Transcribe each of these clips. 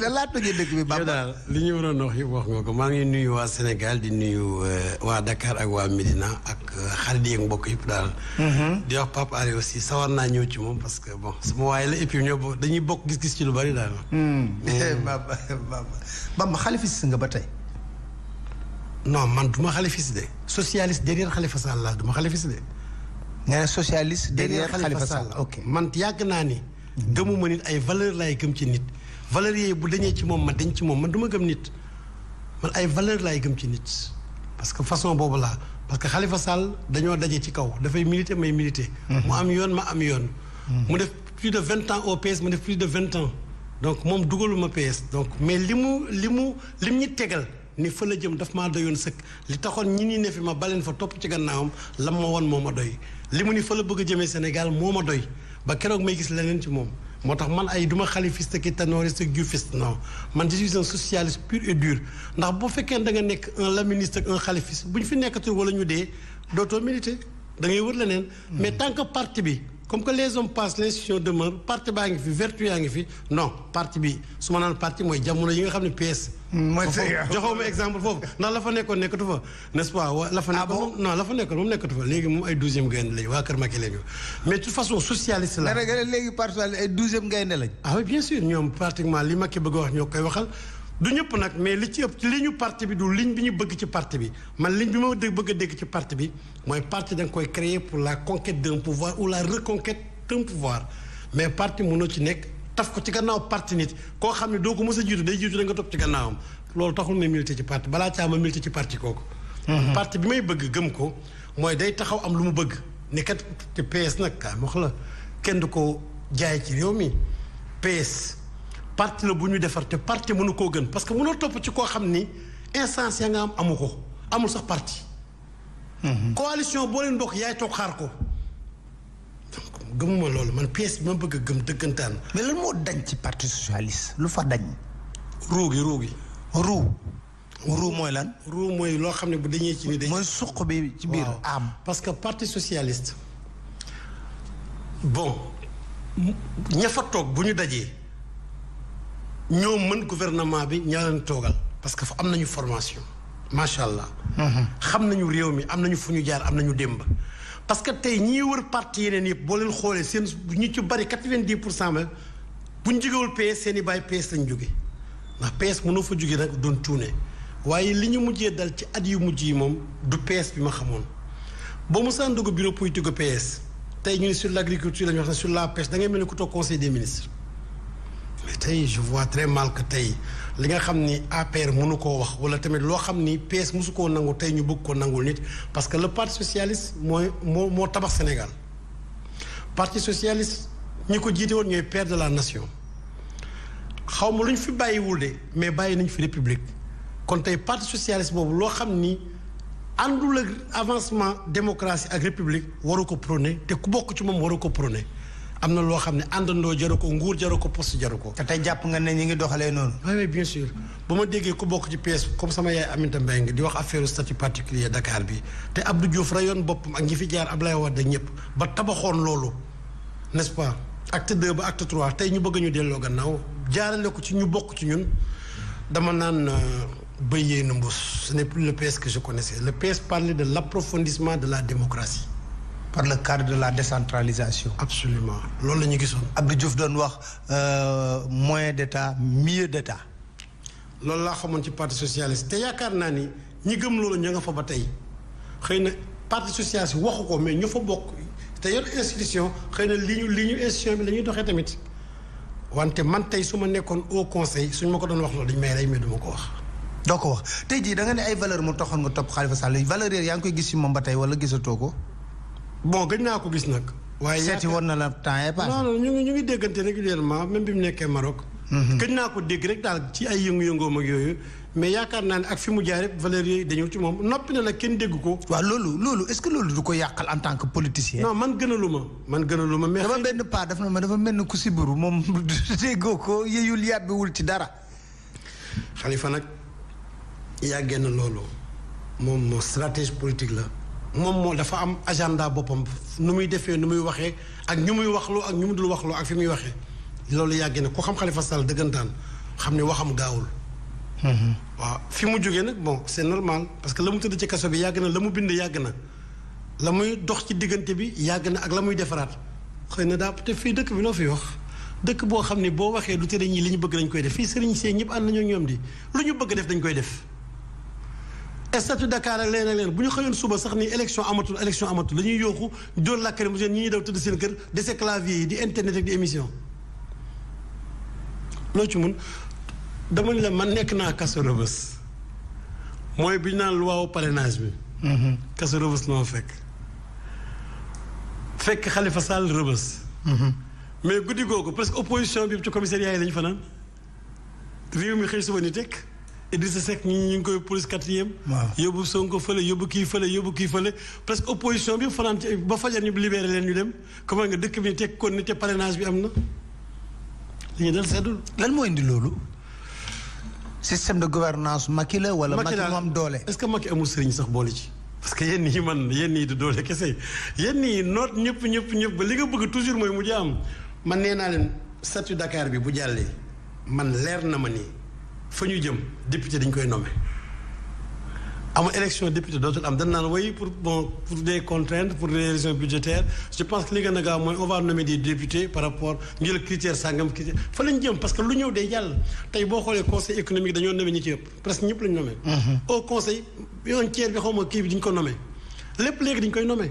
lan laa tojee dëkk bi Bamba daal li ñu waroon wax yëpp nga maa ngi nuyu waa Sénégal di nuyu euh, waa Dakar ak waa Médina ak euh, xarit yi mbokk yëpp daal. Mhm. di wax Pape naa ñëw ci moom parce que bon sama dañuy bokk gis ci lu bari daal. Hmm. Euh, Bamba Bamba Bamba xalifis nga ba tey. non man du ma xalifis de socialiste derrière Khalifa Sall laa du ma xalifis de. nga ne socialiste derrière Khalifa Sall ok man yàgg naa ni. Mhm. gëmuma nit ay valeur laay gëm ci nit. valeurs yooyu bu dañee ci moom ma dañ ci moom man duma gëm nit man ay valeur laay gëm ci nit parce que façon boobu laa parce que xalifa Sall dañoo daje ci kaw dafay militer may militer. Mhm. mu am yoon ma am yoon. Mhm. mu def plus de vingt ans au PS mu def plus de vingt ans donc moom dugaluma PS donc mais li mu li mu lim ñu tegal ni fa la jëm daf maa doyoon sëkk li taxoon ñi ni ne fi ma baleen fa topp ci gannaawam lam ma woon moo ma doy li mu ni fa la a jëmee Sénégal moo ma doy ba keroog may gis leneen ci moom. moo tax man ay duma xalifiste ki tanoriste juifiste non man je suis un socialiste pur et dur ndax boo fekkee da nga nekk un laministe ak un xalifiste bu ñu fi nekkatul wala ñu dee dootoo milité da ngay wër leneen hmm. mais tant que parti bi comme que les hommes passent l'institution demeure parti baa ngi fi vertu yaa ngi fi non parti bi su ma naan parti mooy jamono yi nga xam ni PS. Mm, mooy joxoon ma exemple foofu ndax la fa nekkoon nekkatu fa n'est-ce pas. wa la fa ah nekkoon non la nekkatu fa léegi moom ay douzième gaynde lañ waa Kër Macky lañ mais de façon socialiste la. léegi parti ay douzième gaynde lañ. ah oui bien sûr ñoom pratiquement li Macky bëgg a wax ñoo koy waxal. du ñëpp nag mais li ci ëpp li ñu parti bi du ligne bi ñu bëgg ci parti bi man ligne bi ma bëgg a dégg ci parti bi mooy parti da koy créer pour la conquête d'un pouvoir ou la reconquête d'un pouvoir mais parti mënoo ci nekk taf ko ci gannaaw parti nit koo xam ne doo ko mës a jiitu day jiitu da nga topp ci gannaawam loolu taxul may milité ci parti balaa caa ma milité ci parti kooku. Mhm. parti bi may bëgg gëm ko mooy day taxaw am lu mu bëgg ne kat te PS nag kaa la kenn du ko jaay ci réew mi parti la bu ñu defar te parti mënu koo gën parce que mënoo topp ci koo xam ni instance ya nga am amu ko amul sax parti. Mhm. coalition boo leen bokk yaay toog xaar ko. gëmuma loolu man pièce bi ma bëgg a gëm dëggantaan. mais lan moo dañ ci parti socialiste lu fa dañ. ruu gi ruu gi. ru ruu mooy lan. ruu mooy loo xam ne bu dañee ci ni mooy suq bi ci biir am. parce que parti socialist bon ña fa toog bu ñu dajee. ñoo mën gouvernement bi ña toogal parce que fa am nañu formation macha allah. Mhm. xam nañu réew mi am nañu fu ñu jaar am na ñu démb. parce que tey ñii wër parti yeneen yëpp boo leen xoolee seen ñi ci bari quatre-vingt-dix pour cent ba bu ñu jógewul PS seen i bàyyi PS lañ jóge ndax PS mënoo fa jóge nag doon tuune waaye li ñu mujjee dal ci at yu mujj yi moom du PS bi ma xamoon. boo mosaan dugg bureau politique PS tey ñu ne sur l' agriculture la ñu wax ne sur la pêche da mel ni ku toog tey je vois très mal que tey li nga xam ni APR mënu ko wax wala tamit loo xam ni PS mosu koo nangu tey ñu bëgg ko nangul nit parce que le parti socialiste mooy moo moo tabax Sénégal parti socialiste ñi ko jiite woon ñooy père de la nation xaw ma lu ñu fi bàyyiwul de mais bàyyi nañ fi république kon tey parti socialiste boobu loo xam ni àndul avancement démocratie ak république waru ko prôné te ku bokk ci moom waru ko prôné am na loo xam ne àndandoo jaru ko nguur jaru ko post jaru ko. te tey jàpp nga ne ñi ngi doxalee noonu. oui bien sûr ba ma déggee ku bokk ci PS comme sama yaay Aminata nga di wax affaire statut particulier Dakar bi te Abdou Diouf rayoon boppam ak ñi fi jaar Ablaye Wade ñëpp ba tabaxoon loolu n'est-ce pas acte deux ba acte trois tey ñu bëgg ñu delloo gannaaw jaarale ko ci ñu bokk ci ñun dama naan. Euh, béyee na mbuus ce n'est plus le PS que je connaissais le PS parlait de l'approfondissement de la démocratie par la cadre de la décentralisation. absolument loolu la ñu gisoon. Abdou Diouf doon wax euh, moyen d'état mieux d'état. loolu laa xamoon ci parti socialiste te yaakaar naa ni ñi gëm loolu ña nga fa ba tey xëy na parti socialiste waxu ko mais ñu fa bokk te yor institution xëy na li ñu li ñu institution bi la doxee tamit wante man tey su ma nekkoon au conseil suñ ma ko doon wax loolu dañ may rey mais du ko wax. doo ko wax tey jii da nga ne ay valeur mu taxoon valeur yooyu yaa ngi gis ci moom ba tey wala gisatoo ko. bon gën naa ko gis nag. waaye seeti woon na la temps yii non non ñu ngi ñu ngi déggante régulièrement même bi mu nekkee Maroc. Mhm. gëj naa ko dégg rek daal ci ay yëngu-yëngoom ak yooyu. mais yaakaar naa ne ak fi mu jaar rek valeur yooyu dañu ci moom noppi na la kenn dégg ko. waaw loolu loolu est-ce que loolu du ko yàqal en tant que politicien. non man gënaluma man gënaluma mais. dafa benn pas daf na ma dafa mel ni ku siburu moom déggoo ko yeyul yàbbiwul ci dara. Khalifa nag yàggee na loolu moom moo stratégie politique la. moom moo dafa am agenda boppam nu muy defee nu muy waxee ak ñu muy waxloo ak ñu mu dul waxloo ak fi muy waxee loolu yàgg na ku xam Khalifa Sall dëggantaan xam ne waxam gaawul. waaw fi mu jógee nag bon c'est normal parce que la mu tëdd ci kaso bi yàgg na la mu bind yàgg na la muy dox ci diggante bi yàgg na ak la muy defaraat xëy na daa peut-être fii dëkk bi loo fi wax. dëkk boo xam ne boo waxee lu tere ñii li ñu bëgg dañ koy def fii sëriñ see ñëpp ànd nañoo ñoom di lu ñu bëgg def dañ koy def. statut Dakar ak leneen ak leneen bu ñu xëyoon suba sax ni élection amatul élection amatul dañuy yooxu dóor lakkari mu seen ñi daw tëdd seen kër dese clavier yi di internet ak di émission loo ci mun dama ni la man nekk naa kaso rëbës mooy bi ñu naan luwaawu parrainage bi kaso mhm. rëbës la ma fekk fekk Khalifa Sall rëbës mhm. mais guddi googu parce que opposition bi ci commissariat yi lañu fanaan réew mi xëy suba ni tekk Idrissa Seck ñu ngi koy police quatrième. waaw yóbbu Sonko fële yóbbu kii fële yóbbu kii fële presque opposition bi fanaan ci ba fajar ñu libéré leen ñu dem comment nga dëkk bi teg kon ni te parrainage bi am na li ñu dal seddul. lan moo indi loolu. système de gouvernance Macky la wala Macky moo am doole. est-ce que Macky amul sax boole ci. parce que yenn yi man yenn yi du doole kese yenn yi noot ñëpp ñëpp ñëpp ba li nga bëgg toujours mooy mu jaam. man nee naa leen statut Dakar bi bu jàllee man leer na ma nii. fa ñu jëm député dañ koy nommé amul élection député dootul am dañ naan way pour bon pour des contraintes pour des raisons budgétaires je pense que li gën a gaaw mooy on va nommer des députés par rapport ngir critère sàngam critère fa lañ jëm parce que lu ñëw day jàll tey boo xoolee conseil économique dañoo nommé ñi ci yëpp presque ñëpp lañ nommé mhm. au conseil un bi xaw ma kii bi dañ ko nommé lépp léegi dañ koy nommé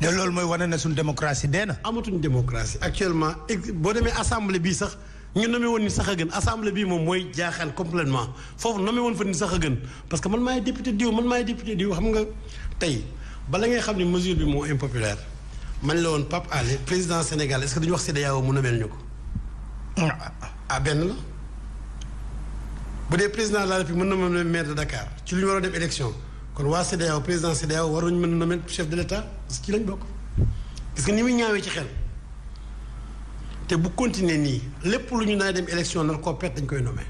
te loolu mooy wane na suñu démocratie dee na amatuñ démocratie actuellement boo demee assemblée bii sax ñu nommé woon ni sax a gën assemblée bii moom mooy jaaxal complètement foofu nommé woon fa ni sax a gën parce que man maay député diw man maay député diw xam nga tey bala ngay xam ne mesure bi moo impopulaire man la woon pap Alé président Sénégal est-ce que dañu wax CEDEAO mu nomeel ñu ko ah benn la bu dee président de la République mën na mën maire de Dakar ci lu ñu war a def élection kon waa CEDEAO président CEDEAO waruñu mën a nomeel chef de l'État parce ci lañ bokk parce que ni muy ñaawee ci xel te bu continuer nii lépp lu ñu naa dem élection nar koo pet dañ koy nommé.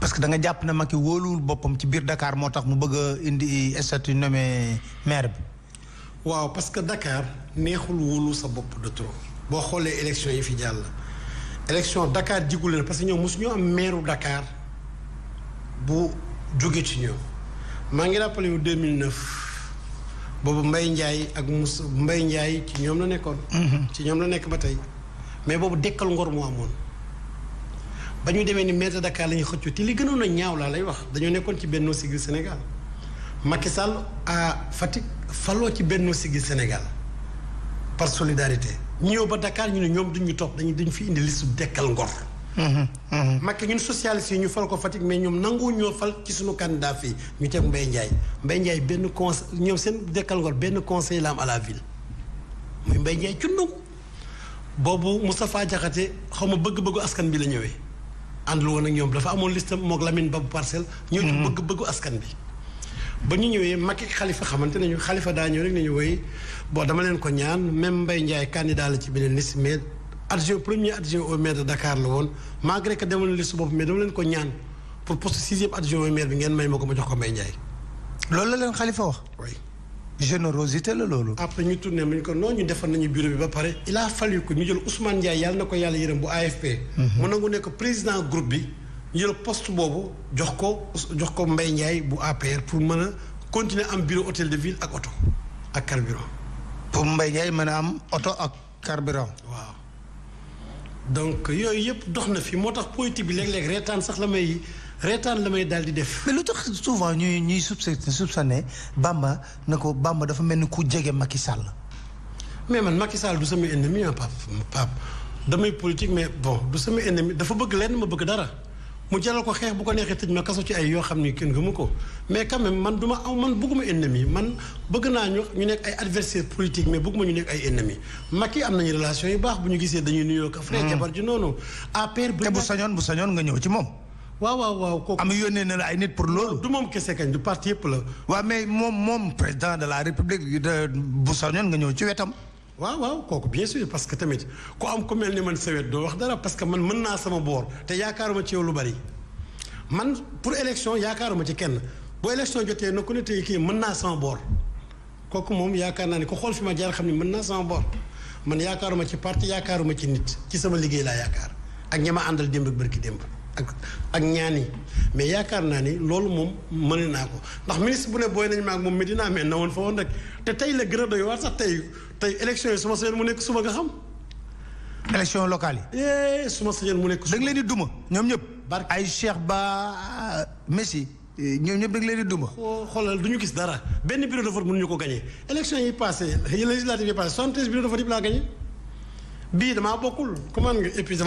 parce que da nga jàpp ne Macky wóoluwul boppam ci biir dakaar moo tax mu bëgg indi statut nommé maire bi. waaw parce que Dakar neexul wóolu sa bopp de trop. boo xoolee élection yi fi jàll. élection dakaar jigu leen parce que ñoom mosu am mairu dakaar bu jóge ci ñoom maa ngi rappelé wu 2009 boobu mbay Ndiaye ak Moussa Mbaye Ndiaye ci ñoom la nekkoon. Mhm. ci ñoom la nekk ma tey. mais boobu dekkal ngor moo amoon ba ñu demee ni maire de Dakar la ñuy xëccu te li gënoon a ñaaw laa lay wax dañoo nekkoon ci Benno Siggil Sénégal Macky Sall à Fatick faloo ci Benno Siggil Sénégal par solidarité ñëw ba dakaar ñu ni ñoom duñ ñu topp dañu fi indi liste dekkal ngor. Macky ñun socialiste yi ñu fal ko Fatick mais ñoom nangoo ñoo fal ci suñu candidat fii ñu teg Mbaye Ndiaye mbay Ndiaye benn conseil ñoom seen dekkal ngor benn conseil la am à la ville muy boobu Moustapha Diakhaté xaw ma bëgg-bëggu askan bi la ñëwee àndul woon ak ñoom dafa amoon listam moog Lamine Babu parcelle. ñëw mhm. bëgg-bëggu askan bi. ba ñu ñëwee Macky xalifa xamante nañu Khalifa daa ñëw rek nañu woy boo dama leen ko ñaan même Mbaye Ndiaye candidat la ci beneen liste mais adjoint premier adjoint au maire de Dakar la woon malgré que demoon liste boobu mais dama leen ko ñaan pour poste sixième adjoint au maire bi ngeen may ma ko ma jox ko Mbaye Ndiaye. loolu la leen Khalifa wax. générosité la loolu. après ñu tourné mu ñu ko noonu ñu defar nañu bureau bi ba pare. il a fallu que ñu jël Ousmane Ndiaye yàlla na ko yàlla yërëm bu AFP. Mhm. mu nangu nekk président groupe bi ñu jël poste boobu jox ko jox ko mbay Ndiaye bu APR pour mën a continuer am bureau hôtel de ville ak oto ak carburant. pour mbay Ndiaye mën a am oto ak carburant. waaw donc yooyu yëpp dox na fi moo tax politique bi léeg-léeg reetaan sax la may. reetaan la may daal di def. mais lu tax souvent ñuy ñuy ne Bamba na ko Bamba dafa mel ni ku jege makki sàll mais man Macky Sall du sama ennemi ah Pape Pape damay politique mais bon du sama ennemi dafa bëgg lenn ma bëgg dara. mu jaral ko xeex bu ko neexee tëj ma kaso ci ay yoo xam ni kenn gëmu ko mais quand même man du ma aw man bëgguma ennemi man bëgg naa ñu ñu nekk ay adversaire politique mais ma ñu nekk ay ennemi Macky am nañu relation yu baax bu ñu gisee dañuy nuyoo. ka frère hmm. jabar ji noonu. APR bu sañoon bu sañoon nga ñëw ci moom. waaw waaw waaw kooku am ah, yónnee na la ay nit pour loolu. du moom kese kañ du parti yëpp la. waa mais moom moom président de la république de bu sañoon nga ñëw ci wetam. waaw waaw kooku bien sûr parce que tamit ku am ku mel ni man sawet doo wax dara parce que man mën naa sama boor te yaakaaruma ci yow lu bari man pour élection yaakaaruma ci kenn boo élection jotee na ku ne kii mën naa sama boor kooku moom yaakaar naa ne ko xool fi ma jaar xam ne mën naa sama boor man yaakaaruma ci parti yaakaaruma ci nit ci sama liggéey laa yaakaar ak ña ma àndal démb ak bërki démb ak ak ñaan yi mais yaakaar naa ni loolu moom mën naa ko ndax ministre bu ne booy nañ maag moom Medina mais na woon fa woon rek te tey la gën a doy waar sax tey tey élection yi su ma sañoon mu nekk suba nga xam. élection locale yi. Eh, su ma sañoon mu nekk suba. da duma ñoom ñëpp. barke ay Cheikh Ba Messi. ñoom ñëpp da nga leen di duma. xoolal du ñu gis dara benn bureau de vote mënuñu ko gagné élection yi passé législative yi passé soixante-treize bureau de vote laa gagné bii damaa bokkul comment nga épuisé.